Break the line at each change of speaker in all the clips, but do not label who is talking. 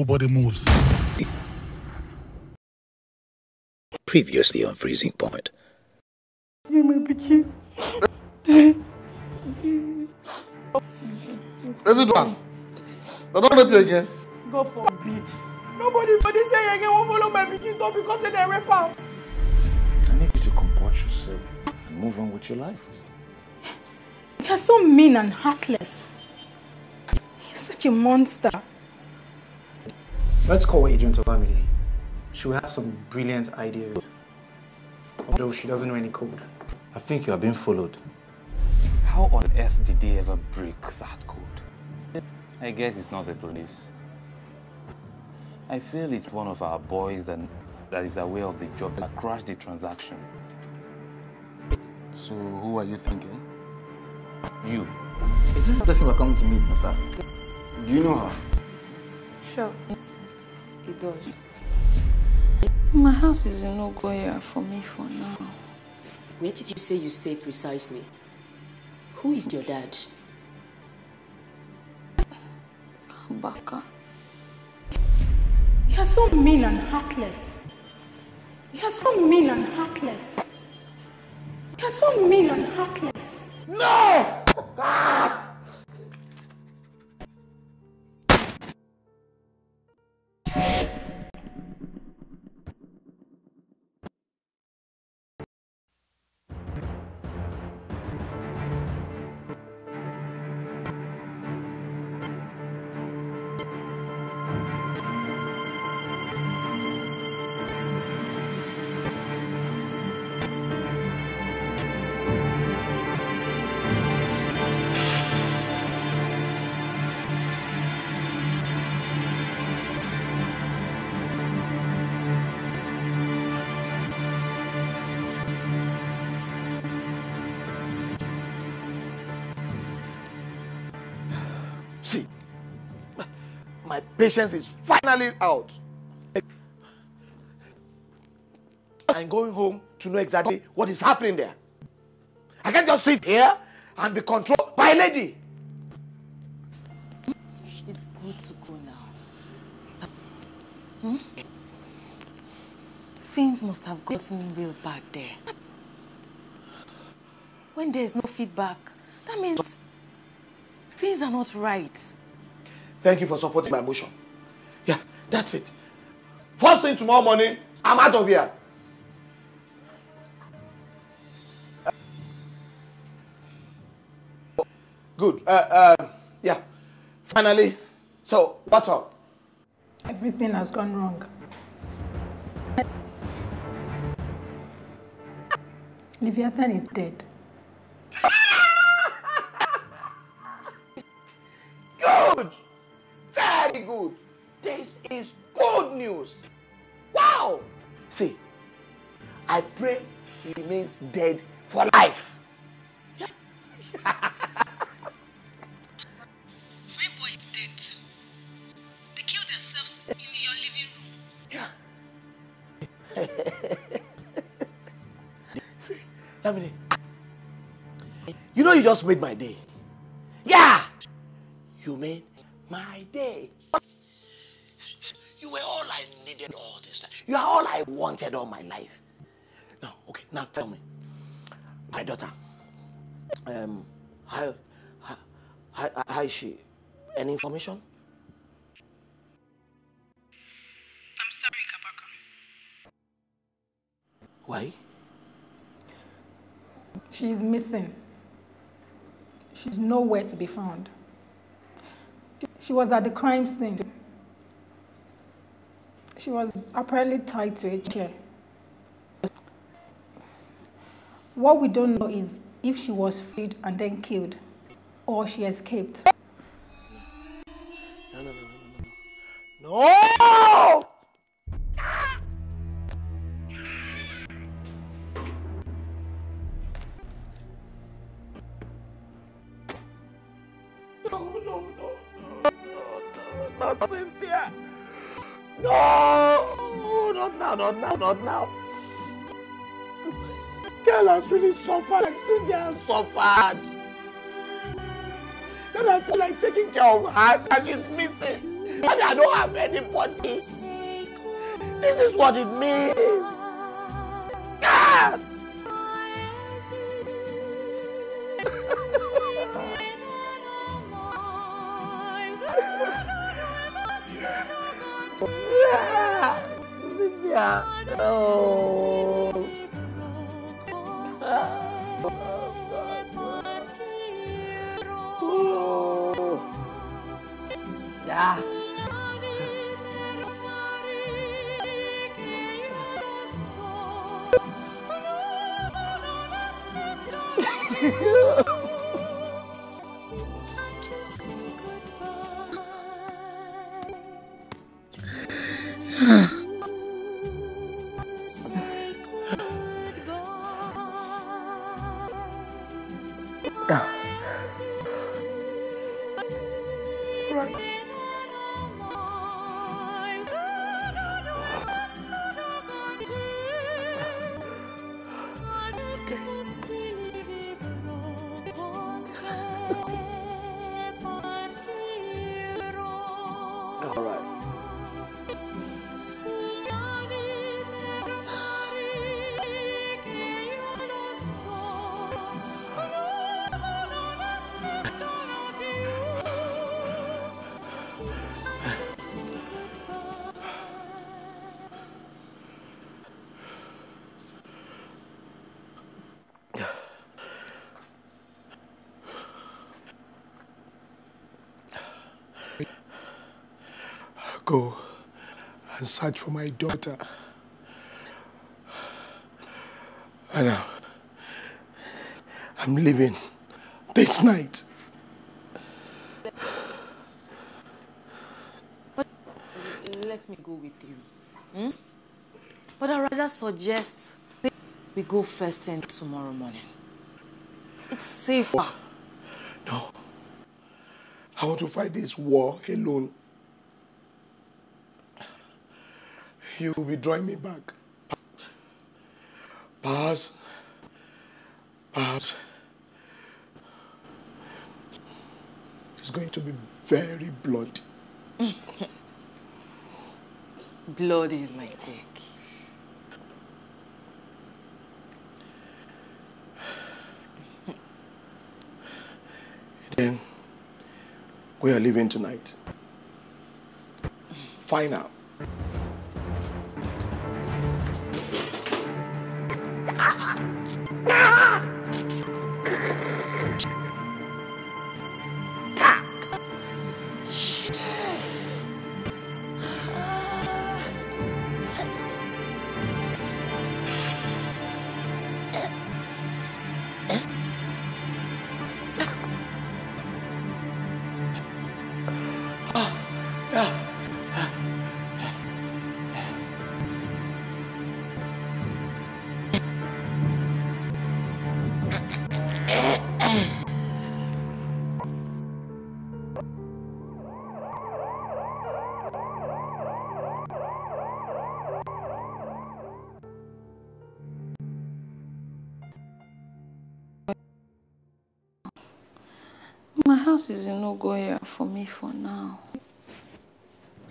nobody moves.
Previously on Freezing Point.
Let's do one. I don't help you again. God forbid. Nobody for this day again will follow my picking door because they're rapper. I need you
to comport yourself and move on with your life.
You're so mean and heartless. You're such a monster.
Let's call Adrian Olamide. She will have some brilliant ideas. Although she doesn't know any code. I think you are being followed. How on earth did they ever break that code? I guess it's not the police. I feel it's one of our boys that, that is aware of the job that crashed the transaction.
So who are you thinking? You. Is this the person that are coming to meet, Musa?
Do you know her? Sure he does. My house is in Ogoya for me for now.
Where did you say you stay precisely? Who is your dad?
Kabaka.
You are so mean and
heartless. You are so mean and heartless. You are so mean and heartless.
No!
Ah! My patience is finally out. I'm going home to know exactly what is happening there. I can't just sit here and be controlled by a lady.
It's good to go now. Hmm? Things must have gotten real bad there. When there is no feedback, that means things are not right.
Thank you for supporting my motion. Yeah, that's it. First thing tomorrow morning, I'm out of here. Good. Uh, uh, yeah. Finally, so what's up? Everything has gone wrong.
Leviathan is dead.
is good news. Wow! See, I pray he remains dead for life. My boy is dead too. They killed themselves in your living room. Yeah. See, Lamine, you know you just made my day. wanted all my life. Now, okay, now tell me, my daughter, um, how, how, how, how is she? Any information? I'm sorry, Kabaka. Why?
She is missing. She's nowhere to be found. She was at the crime scene. She was apparently tied to a chair. What we don't know is if she was freed and then killed or she escaped. No,
no, no, no, no. No! not now. This girl has really suffered. Like still girl suffered. Then I feel like taking care of her and she's missing. And I don't have anybody. This is what it means. Oh. oh.
Yeah.
Yeah.
go and search for my daughter. And now, I'm leaving this night.
But let me go with you. Hmm? But I rather suggest we go first thing tomorrow morning. It's safer.
No. I want to fight this war alone. you will be drawing me back. Perhaps, perhaps, it's going to be very bloody.
blood is my take.
then we are leaving tonight. Fine out.
Ha ha! is no go here for me for now.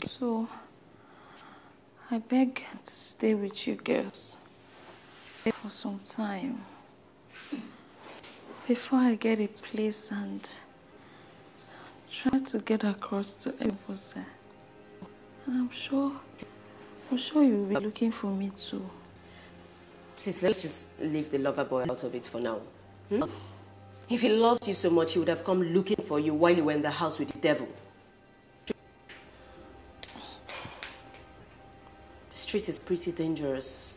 So, I beg to stay with you girls for some time before I get a place and try to get across to everybody. And I'm sure, I'm sure you'll be looking for me too.
Please, let's just leave the lover boy out of it for now. Hmm? If he loved you so much, he would have come looking for you while you were in the house with the devil. The street is pretty dangerous.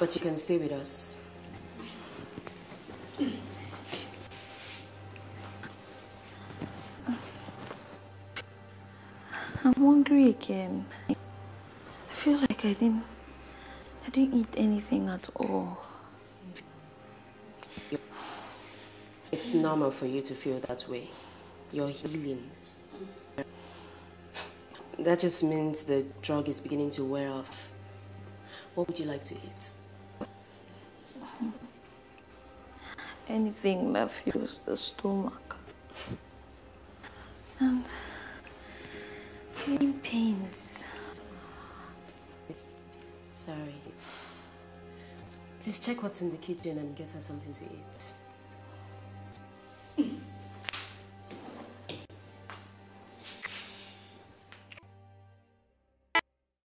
But you can stay with us.
I'm hungry again. I feel like I didn't I didn't eat anything at all.
It's normal for you to feel that way. You're healing. That just means the drug is beginning to wear off. What would you like to eat?
Anything that fills the stomach. And feeling pains.
Sorry. Please check what's in the kitchen and get her something to eat.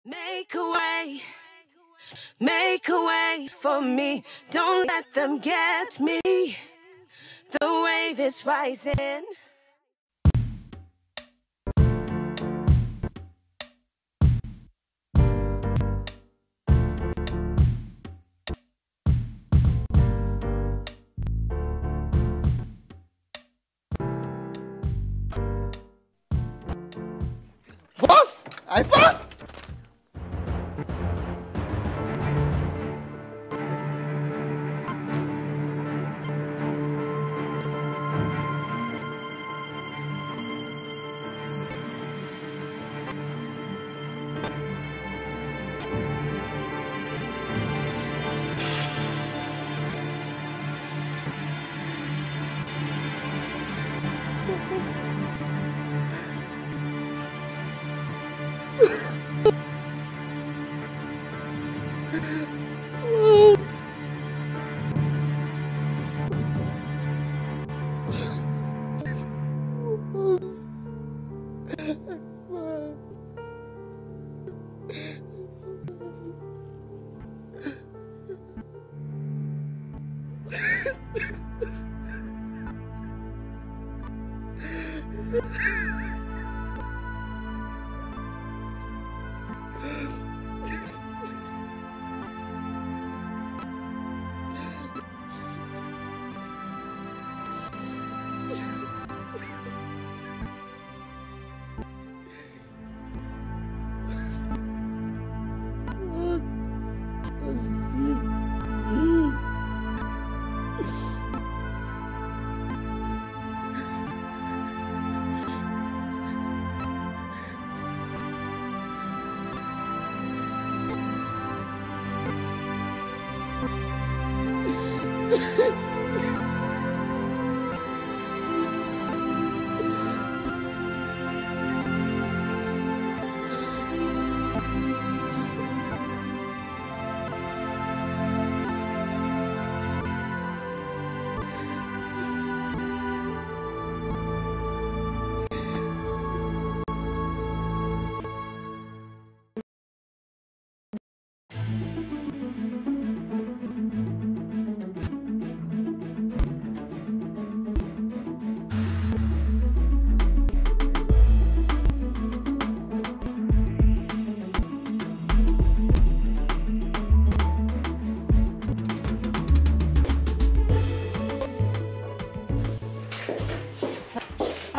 Make a way, make a way for me. Don't let them get me. The wave is rising.
Yeah.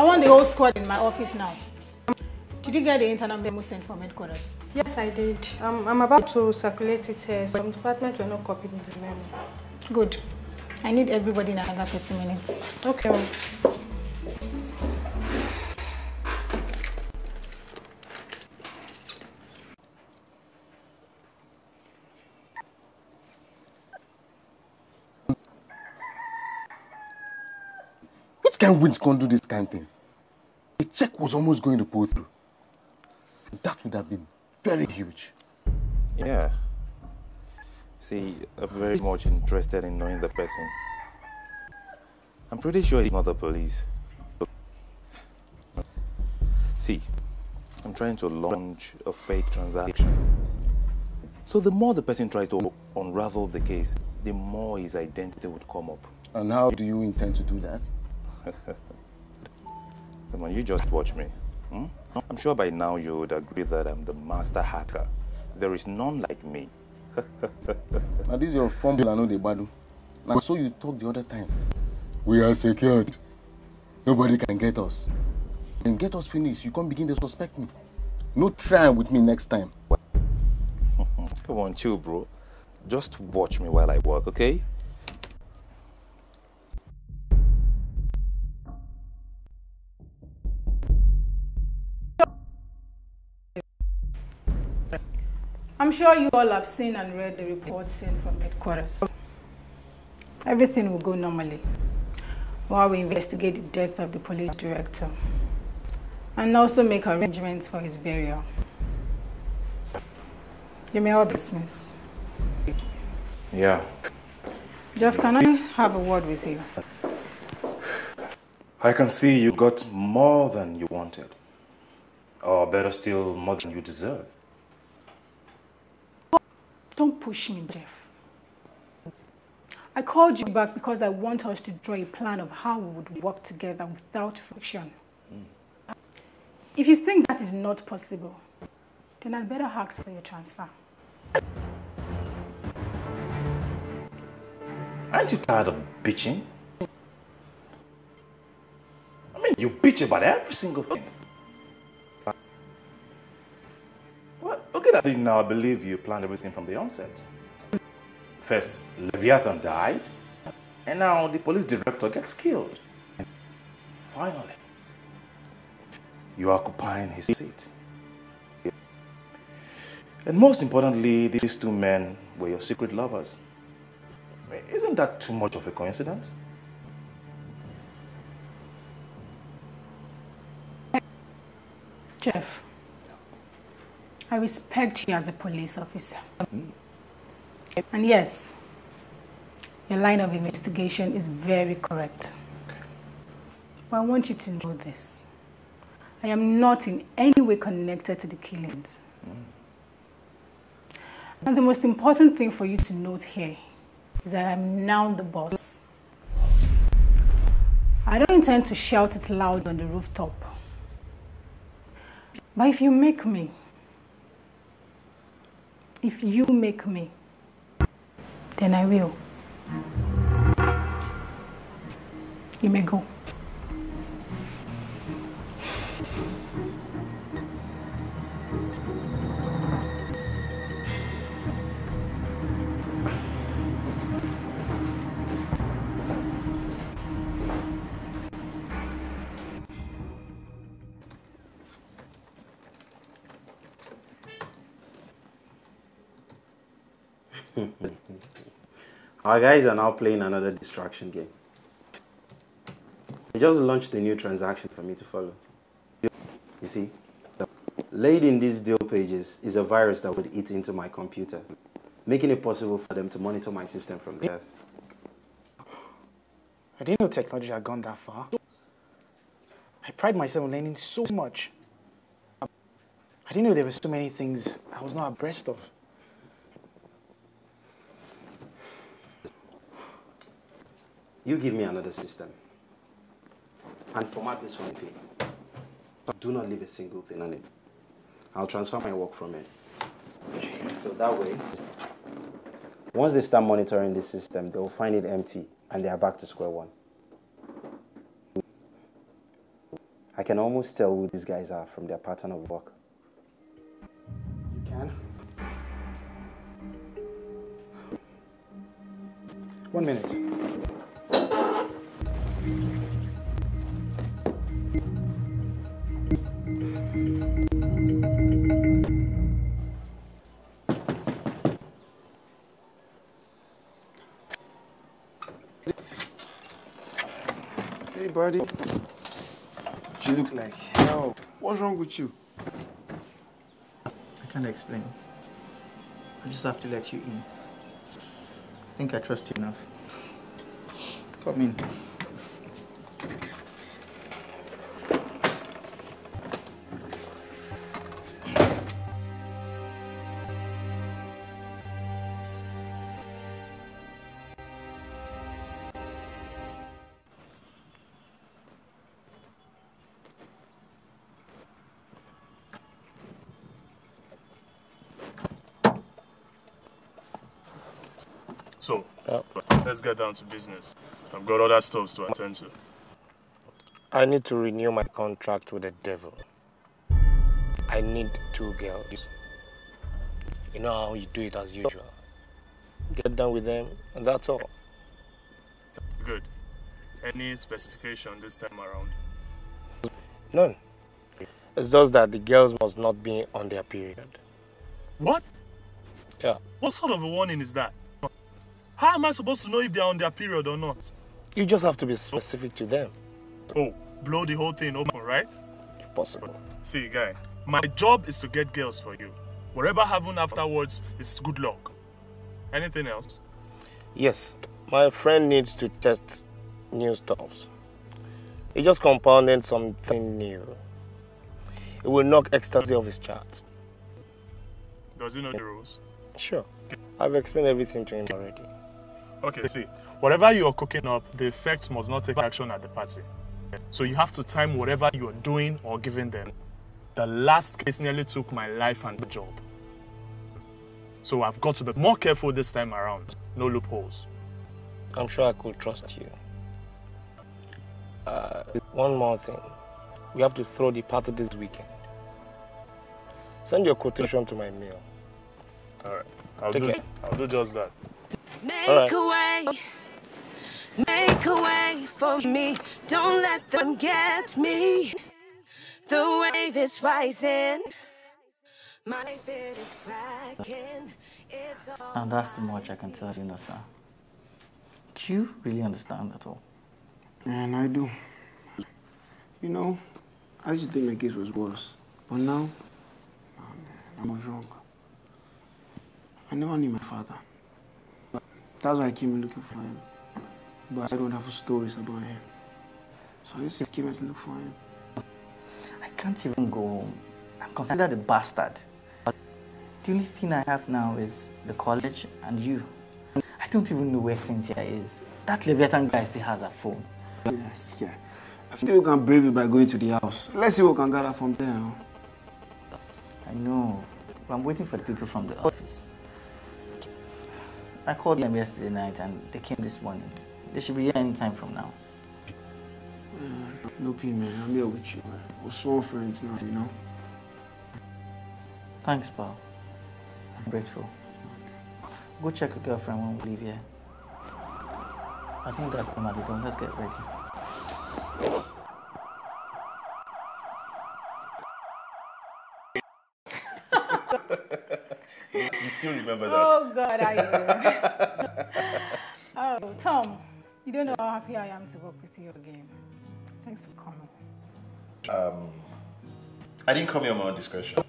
I want the whole squad in my office now. Did you get the internal memo sent from headquarters? Yes, I did. I'm about to circulate it here. Uh, Some departments were not copying the memo. Good. I need everybody in another 30 minutes. Okay.
Which kind of winds can do this kind of thing? The check was almost going to pull through. That would have been very huge.
Yeah. See, I'm very much interested in knowing the person. I'm pretty sure it's not the police. See, I'm trying to launch a fake transaction. So the more the person tries to unravel the case, the more his identity would come up. And how do you intend to do
that?
Come on, you just watch me. Hmm? I'm sure by now you would agree that I'm the master hacker.
There
is none like me.
now this is your fumble and not the badu. Now so
you talk the other time.
We are secured. Nobody can get us. Then
get us finished. You can't begin to suspect me. No try with me next time.
Come on, chill, bro. Just watch me while I work, okay?
sure you all have seen and read the report sent from headquarters. Everything will go normally while we investigate the death of the police director and also make arrangements for his burial. You may all dismiss. Yeah. Jeff, can I have a word with you?
I can see you got more than you wanted. Or better still, more than you deserve.
Don't push me, Jeff. I called you back because I want us to draw a plan of how we would work together without friction.
Mm.
If you think that is not possible, then I'd better ask for your transfer.
Aren't you
tired of bitching? I mean, you bitch about every single thing. Okay, at now, I believe you planned everything from the onset. First, Leviathan died, and now the police director gets killed. And finally, you are occupying his seat. And most importantly, these two men were your secret lovers. Isn't that too much of a coincidence?
Jeff. I respect you as a police officer. Mm. And yes, your line of investigation is very correct. Okay. But I want you to know this. I am not in any way connected to the killings. Mm. And the most important thing for you to note here is that I'm now the boss. I don't intend to shout it loud on the rooftop. But if you make me, if you make me, then I will. You may go.
Our guys are now playing another distraction game. They just launched the new transaction for me to follow. You see, laid in these deal pages is a virus that would eat into my computer, making it possible for them to monitor my system from there. I didn't know technology had gone that far. I pride myself on learning so much. I didn't know there were so many things I was not abreast of. You give me another system and format this one clean. Do not leave a single thing on it. I'll transfer my work from it. So that way, once they start monitoring this system, they will find it empty and they are back to square one. I can almost tell who these guys are from their pattern of work. You can? One minute. Hey,
buddy. you look like hell. What's wrong with you? I can't explain. I just have to let you in. I think I trust you enough.
Come in.
So. Yep. Let's get down to business. I've got other stops to attend to.
I need to renew my contract with the devil. I need two girls. You know how you do it as usual. Get down with them, and that's all. Good. Any specification this time around? None. It's just that the girls must not be on their period. What? Yeah. What sort of a warning is that? How am I supposed to know if they're on their period or not? You just have to be specific to them. Oh, blow the whole thing open, right? If possible. See, guy, my job is to get girls for you. Whatever happens afterwards is good luck. Anything else? Yes, my friend needs to test new stuffs. He just compounded something new. It will knock ecstasy off his chart. Does he know the rules? Sure. I've explained everything to him already. Okay, see, whatever you're cooking up, the effects must not take action at the party. So you have to time whatever you're doing or giving them. The last case nearly took my life and the job. So I've got to be more careful this time around. No loopholes. I'm sure I could trust you. Uh, one more thing. We have to throw the party this weekend. Send your quotation to my mail. All right. I'll, do, I'll do just that.
Make a way. Make a way for me. Don't let them get me. The wave is rising. My feet is cracking.
and that's the much I can tell you, know, sir. Do you really understand at all? Man, I do. You know, I used to think my case was worse.
But now, I was wrong.
I never knew my father. That's why I came looking for him.
But I don't have stories about him. So I just came to look for him. I can't even go home. I'm considered a bastard. The only thing I have now is the college and you. I don't even know where Cynthia is. That Leviathan guy still has a phone. Yes, yeah. I think we can brave it by going to the house. Let's see what we can gather from there I know. I'm waiting for the people from the office. I called them yesterday night and they came this morning.
They should be here any time from now. Mm, no pain, man. I'm here with you, man. We're sworn friends now, you know? Thanks, pal. I'm grateful. Go check your girlfriend when we leave here. I think that's the matter. Let's get ready.
still remember that. Oh, God, I
do. oh, Tom, you don't know how happy I am to work with you again. Thanks for coming.
Um, I didn't come here on my own discretion.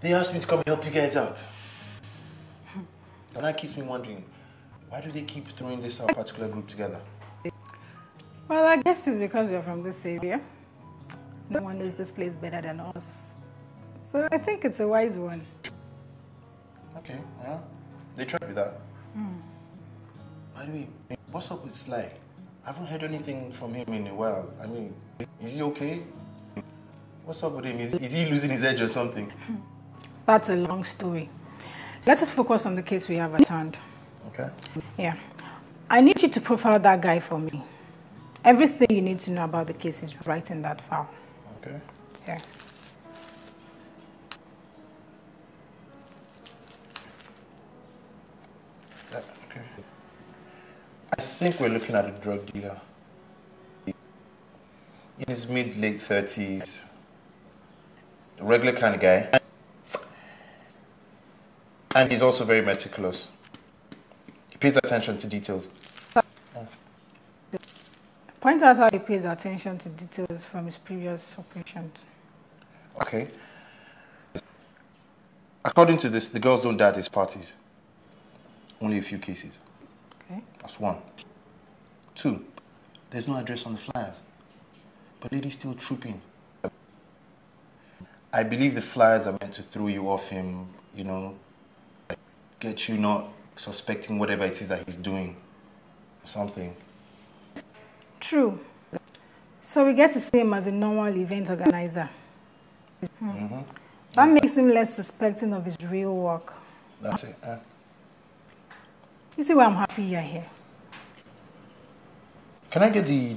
They asked me to come help you guys out. and that keeps me wondering, why do they keep throwing this particular group together?
Well, I guess it's because you're from this area. No one knows this place better than us. So I think it's a wise one.
Okay, yeah. They tried with that. Mm. By the way, what's up with Sly? I haven't heard anything from him in a while. I mean, is he okay? What's up with him? Is, is he losing his edge or something?
That's a long story. Let us focus on the case we have at hand. Okay. Yeah. I need you to profile that guy for me. Everything you need to know about the case is right in that file. Okay. Yeah.
think we're looking at a drug dealer in his mid late 30s, a regular kind of guy. And he's also very meticulous. He pays attention to details.
Point out how he pays attention to details from his previous operations.
Okay. According to this, the girls don't die at his parties. Only a few cases. Okay. That's one. Two, there's no address on the flyers, but lady's still trooping. I believe the flyers are meant to throw you off him, you know, get you not suspecting whatever it is that he's doing something.
True. So we get to see him as a normal event organizer. Hmm. Mm -hmm. That makes him less suspecting of his real work. That's it. Uh. You see why I'm happy you're here?
Can I get the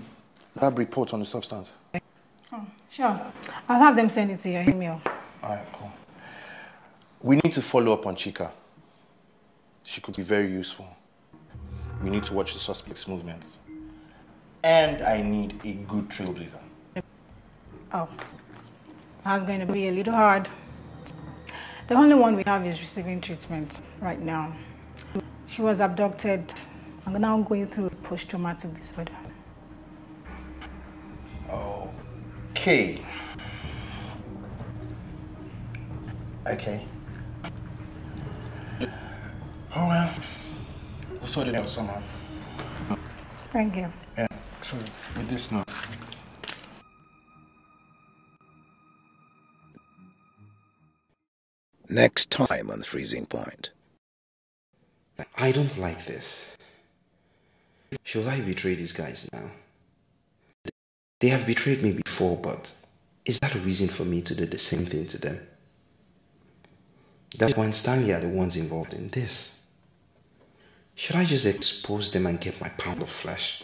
lab report on the substance?
Oh, sure. I'll have them send it to your email.
All right, cool. We need to follow up on Chika. She could be very useful. We need to watch the suspect's movements. And I need a good trailblazer.
Oh, that's going to be a little hard. The only one we have is receiving treatment right now. She was abducted. I'm now going through post-traumatic disorder.
Okay. Okay. Oh well. We'll sort it out somehow. Thank you. Yeah. So with this now.
Next time on Freezing Point. I don't like this. Should I betray these guys now? They have betrayed me before, but is that a reason for me to do the same thing to them?
That when Stanley are the ones involved in this. Should I just expose them
and get my pound of flesh?